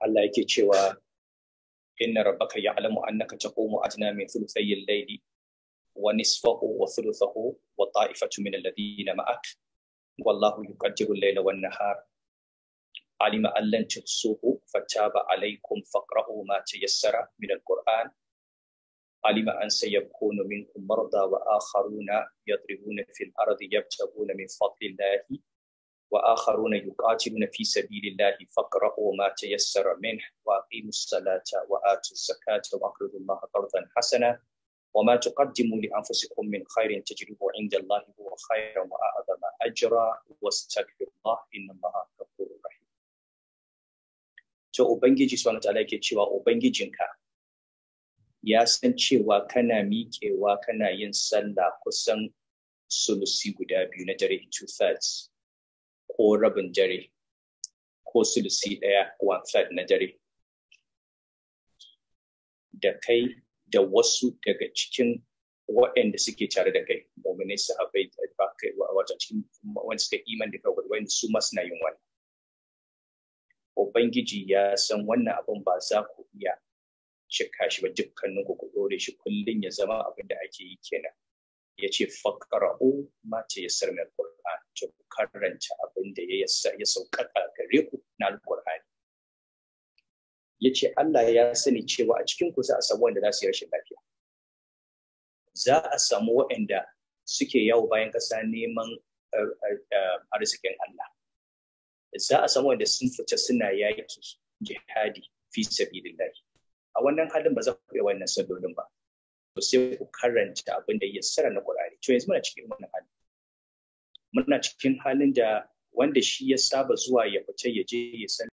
Allah yake cewa inna rabbaka ya'lamu annaka taqumu adna min thuluthay al-layli wa nisfahu wa thuluthahu wa ta'ifatu min alladhina ma'ak wallahu yuqaddiru al-layla wan nahar alima an lan tuhsuhu fataba alaykum faqra'u ma tayassara min al-qur'an alima an sayakunu minkum marda wa akharuna yadribuna fil ardi yabtaguna min fadlillahi وآخرون يقاتلون في سبيل الله فاقرأوا ما تيسر منه وأقيموا الصلاة وآتوا الزكاة وأقرضوا الله قرضا حسنا وما تقدموا لأنفسكم من خير تجربوا عند الله هو خيرا وأعظم أجرا واستغفر الله إن الله غفور رحيم to ubangiji subhanahu wataala yake cewa ubangijinka ya san cewa kana miƙewa kana yin sallah kusan sulusi guda biyu na dare two thirds ko rabin jare ko sulusi ɗaya one third na jare da kai da wasu daga cikin waɗanda suke tare da kai mominai sahabai wato cikin wani suka iman da kawai wanda su masu na yin wani ubangiji ya san wannan abin ba za ku iya cika shi ba dukkanin ku ɗore shi kullum ya zama abin da ake yi kenan ya ce faƙara'u ma ce ya sarmar ƙur'an ta karanta abin da ya ya sauƙaƙa gare ku na alƙur'ani ya ce Allah ya sani cewa a cikin ku za a samu wanda za su yi rashin lafiya za a samu waɗanda suke yawo bayan ƙasa neman eh, eh, eh, arzikin Allah za a samu wanda sun fita suna yaki jihadi fi sabilillah a wannan halin ba za ku yi wannan sallolin ba to sai ku karanta abin da ya sara na Qur'ani to yanzu muna cikin wannan halin muna cikin halin da wanda shi ya saba zuwa ya fice ya je ya san